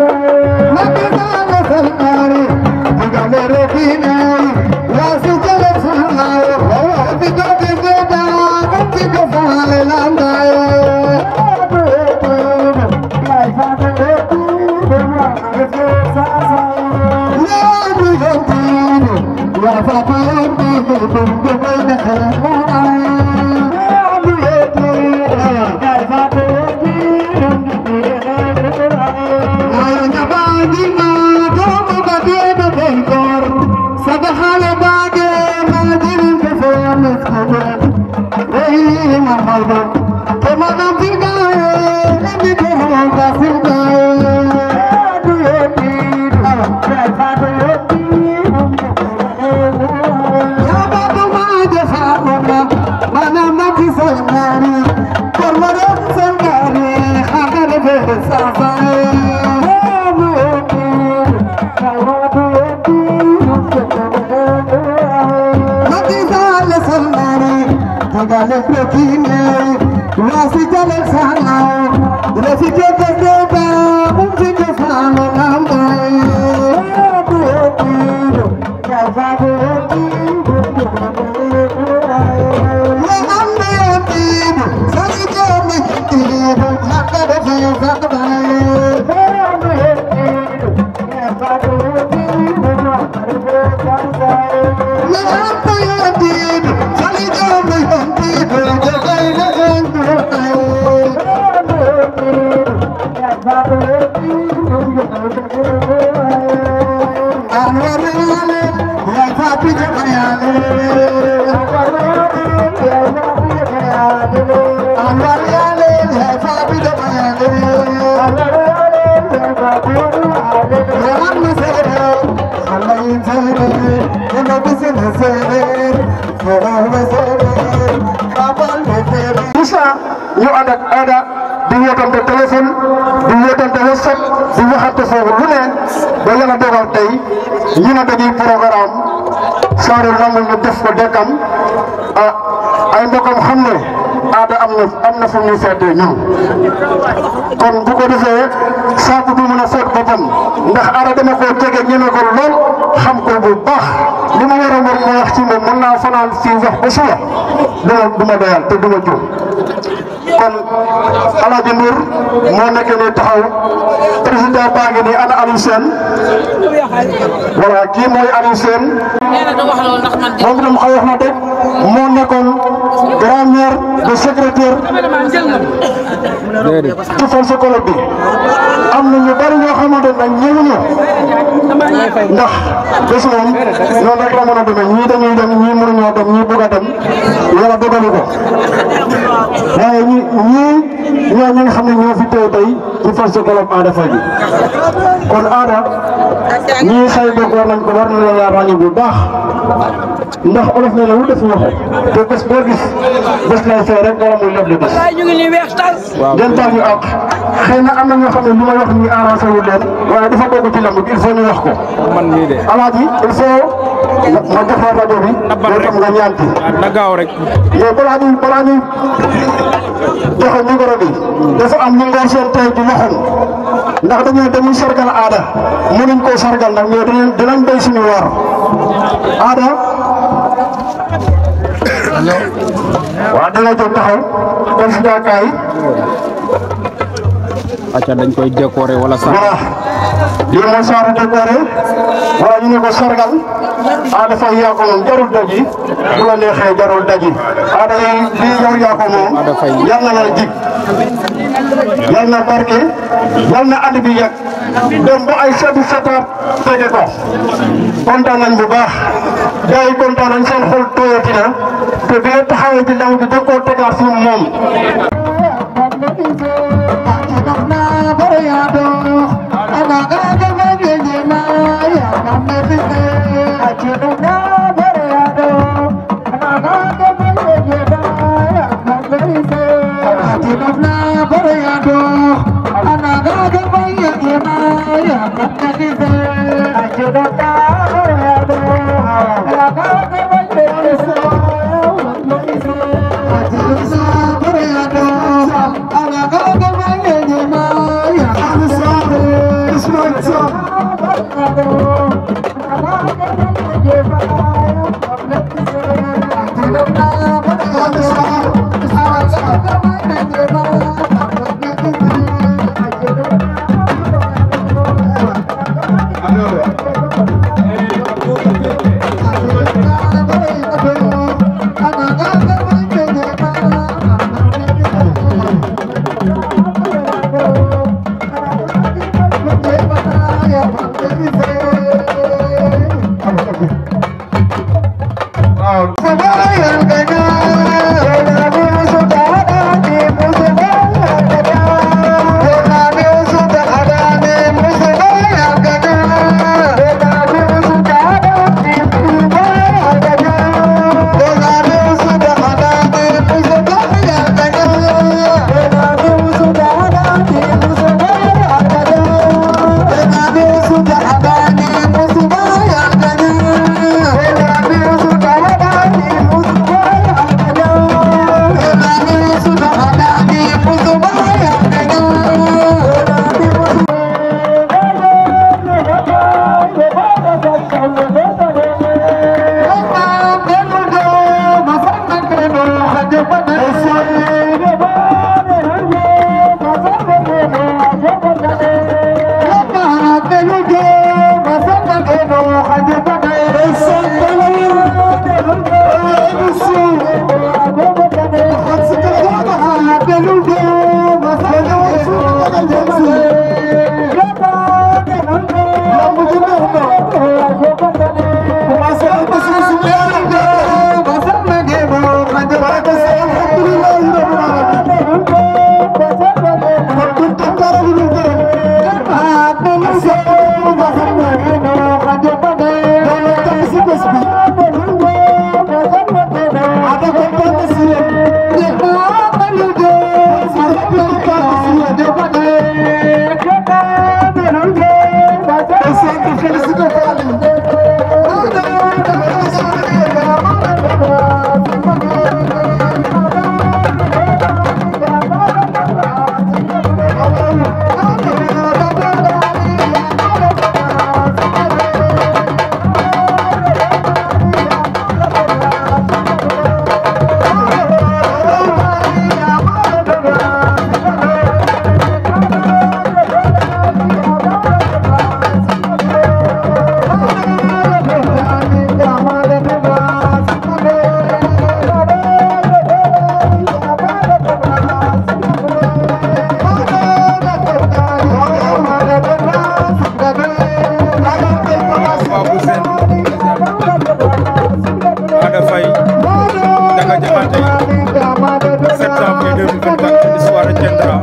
مٿي جا وھن ڪاڻي گال رھي ني واسو ڪري ٿو نا اوهو ٻي ڪو ڏسڻ گهٽي پاسا لاندي ڳوٺ ۾ ڪيئن ٿو رھي ٿو ڇو هڪڙا سا نيو Trabalhei pro time, não se televisão, não se quer defender, não se quer falar, não Eu tô ouvindo, já eu tô ouvindo. Isa, you ada ada dua tante telefon, dua tante WhatsApp, dua hati sahur dulu. Bayar nanti kalau tay, ini nanti di program. Saya orang yang berdekam, ah, ada kamu hamil. aada am na am na fu ñuy seetee ñun kon bu ko defee saako bi mën a seet boppam ndax aada dama koo jege ñeme ko lool xam ko bu baax li ma war a mën ma wax ci moom mën naa fanaan fii wax ba suba duma duma doyal te duma juum kon El Hadj Nour moo nekk nii taxaw président baa ngi nii ana Aliou Sène voilà kii mooy Aliou Sène moom itam nekkoon grand-mère de secrétaire ci protocole am na ñu bari ñoo xamante nag ñëwuñu ndax bés moom noonu rek la mën a demee ñii dañuy dem ñii mënuñoo dem ñii bëgg a dem yàlla dogalu ko waaye ñi ñii ñoo ñi nga xam kon aada ñii say bëgg war nañ ko la ràññee bu baax ndax olof nee na lu def waxu te bés boo gis bés lay say rek borom muy leb li bés. waaye ñu ngi nii am na ñoo xam ne lu may wax ñu arrangé wu leen waaye dafa bokk ci lamb il faut ñu wax ko. man mii de. alaaji il faut ma jox la rajo bi. nabal na gaaw rek. mais balaa ñuy balaa ñuy joxe dafa am ñu ngor seen tey di waxoon ndax dañoo dañuy sargal aada mënuñ koo sargal nag mais dinañ dinañ béy suñu waar aada. waaw da ngay jóg taxaw kon si acca dañ koy décorer wala sax. voilà lii saara décorer wala ñu ne ko sargal aada ah, fay yaa ko moom jarul daj yi bu la neexee jarul daj aada ah, yi lii yor yaa ko moom ah, yal na la jig barke yal na ànd bi yàgg. dem ba ay setu setaat tege ko kontaan nañ bu baax gars yi kontaan nañ seen xol tooyati na te bi nga taxawee ci bi da koo tegaat si moom. Bye-bye. Gracias. fàtte 7 janvier 2024 ci soirée Diendra